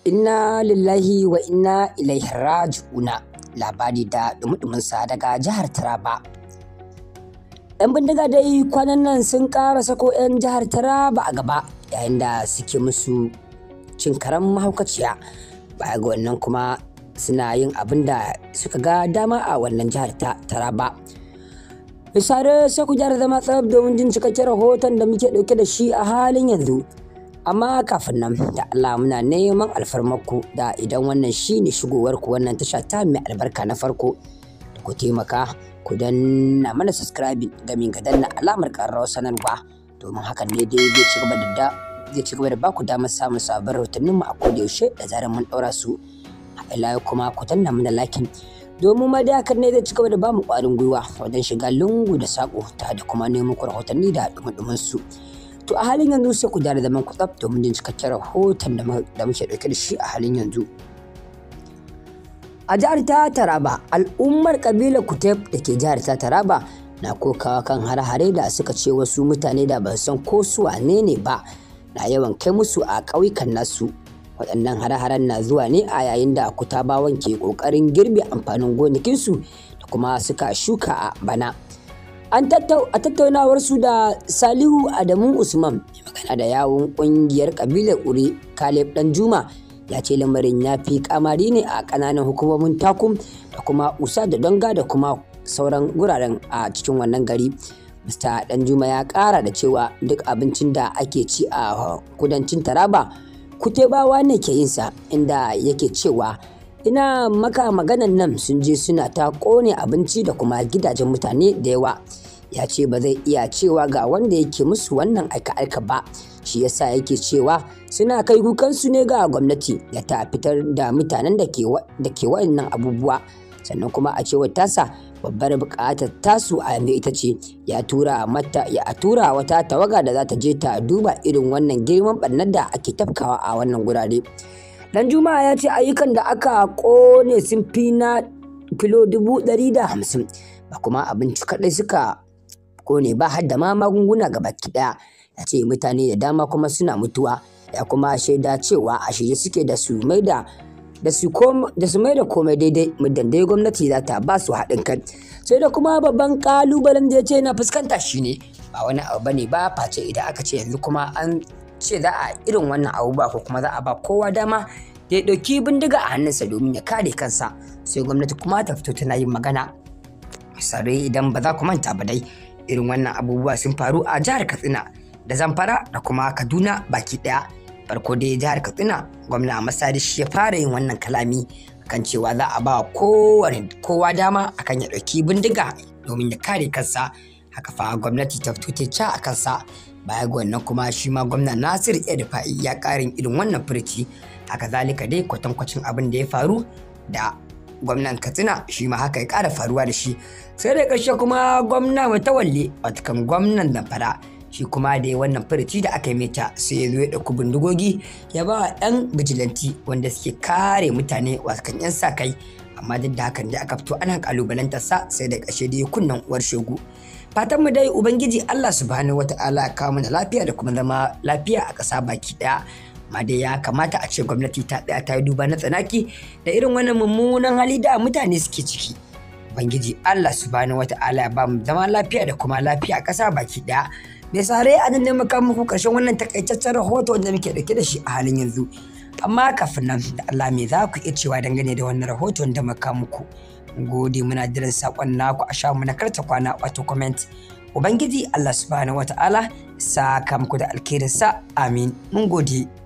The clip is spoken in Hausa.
Inna lillahi wa inna ilaihi raji'una labari da dumudumunsa daga jihar Taraba. 'Yan bindiga dai kwanan nan sun ƙara sako 'yan jihar Taraba a gaba yayin da suke musu cin karen mahaukaciya baya ga wannan kuma suna yin abin da suka ga dama a wannan jihar ta Taraba. Misare sai ku gyara zama tsab domin jin cikakken rahoton da muke ɗauke da shi a halin yanzu. amma kafin nan da Allah muna neman alfarmarku da idan wannan shi ne shigowar ku wannan tasha ta mai albarka na farko da ku taimaka ku danna mana subscribing gamin ga danna alamar ƙararrawar sanarwa domin hakan ne dai zai ci gaba da zai ci gaba da baku damar samun sabbin rahotannin mu a koda yaushe da zarar mun ɗaura su a ilayi kuma ku danna mana lakin domin ma dai hakan ne zai ci gaba da bamu kwarin gwiwa wajen shiga lungu da saƙo ta da kuma neman rahotanni da dumi su. to a halin yanzu sai ku dare zaman ku tsaf domin jin cikakken rahoton da muke ɗauke da shi a halin yanzu a jihar ta taraba al'ummar kabilar kutep da ke jihar ta taraba na kokawa kan hare-hare da suka ce wasu mutane da ban san ko su wane ne ba na yawan kai musu a ƙauyukan nasu waɗannan hare-haren na zuwa ne a yayin da kutabawan ke ƙoƙarin girbe amfanin gonakinsu da kuma suka shuka a bana An tattaunawar su da Salihu Adamu Usman, magana da yawun ƙungiyar kabilar Uri, Kaleb Ɗanjuma, ya ce lamarin ya fi kamari ne a ƙananan hukumomin Takum da kuma Usa da Donga da kuma sauran guraren a cikin wannan gari. Mr. Danjuma ya ƙara da cewa duk abincin da ake ci a kudancin Taraba, kutebawa ne ke yinsa inda yake cewa ina maka maganan nan sun je suna ta kone abinci da kuma gidajen mutane da yawa ya ce ba zai iya cewa ga wanda yake musu wannan aika-aika ba shi yasa yake cewa suna kai kukansu ne ga gwamnati da ta fitar da mutanen da ke wa'annan abubuwa sannan kuma a cewa tasa babbar buƙatar tasu a yanzu ita ce ya tura mata ya tura wata tawaga da za ta je ta duba irin wannan girman ɓarnar da ake tafkawa a wannan gurare dan juma'a ya ce ayyukan da aka kone sun fi na kilo dubu ɗari da hamsin ba kuma abinci kaɗai suka ne ba har da ma magunguna gabaki ɗaya ya ce mutane da dama kuma suna mutuwa ya kuma shaida cewa a shirye suke da su mai da da su mai da komai daidai muddin dai gwamnati za ta ba su haɗin kai sai da kuma babban kalubalen da ya ce na fuskanta shi ne. ba wani abu bane ba face idan aka ce yanzu kuma an ce za a irin wannan abubuwa ko kuma za a ba kowa dama da ya ɗauki bindiga a hannunsa domin ya kare kansa sai gwamnati kuma ta fito tana yin magana sare idan ba za ku manta ba dai irin wannan abubuwa sun faru a jihar katsina da zamfara da kuma kaduna baki daya farko dai jihar katsina gwamna masari shi ya fara yin wannan kalami kan cewa za a ba kowane kowa dama akan ya ɗauki bindiga domin ya kare kansa haka fa gwamnati ta fito ta a kansa baya ga wannan kuma shi ma gwamna nasir ya rufa'i ya karin irin wannan furuci haka zalika dai kwatankwacin abin da ya faru da gwamnan katsina shi ma haka ya ƙara faruwa da shi sai da ƙarshe kuma gwamna matawalle watakan gwamnan zamfara shi kuma da wannan farici da aka yi meta sai ya zo ya ɗauki bindigogi ya ba wa 'yan bijilanti wanda suke kare mutane watakan 'yan sa kai amma duk da hakan da aka fito ana kalubalantar sa sai da ƙarshe dai kunnan uwar shegu fatan mu dai ubangiji Allah subhanahu wata'ala ya kawo mana lafiya da kuma zama lafiya a ƙasa baki ɗaya amma dai ya kamata a ce gwamnati ta tsaya ta yi duba na tsanaki da irin wannan mummunan hali da mutane suke ciki bangiji allah subhanahu wata'ala ya ba mu zama lafiya da kuma lafiya a ƙasa baki ɗaya mai sare a nan ne muku ƙarshen wannan takaitaccen rahoto wanda muke ɗauke da shi a halin yanzu amma kafin nan da Allah me za ku iya cewa dangane da wannan rahoton da muka muku gode muna jiran sakon naku a shamu na karta kwana wato comment ubangiji Allah subhanahu wataala sa muku da alkhairinsa amin mun gode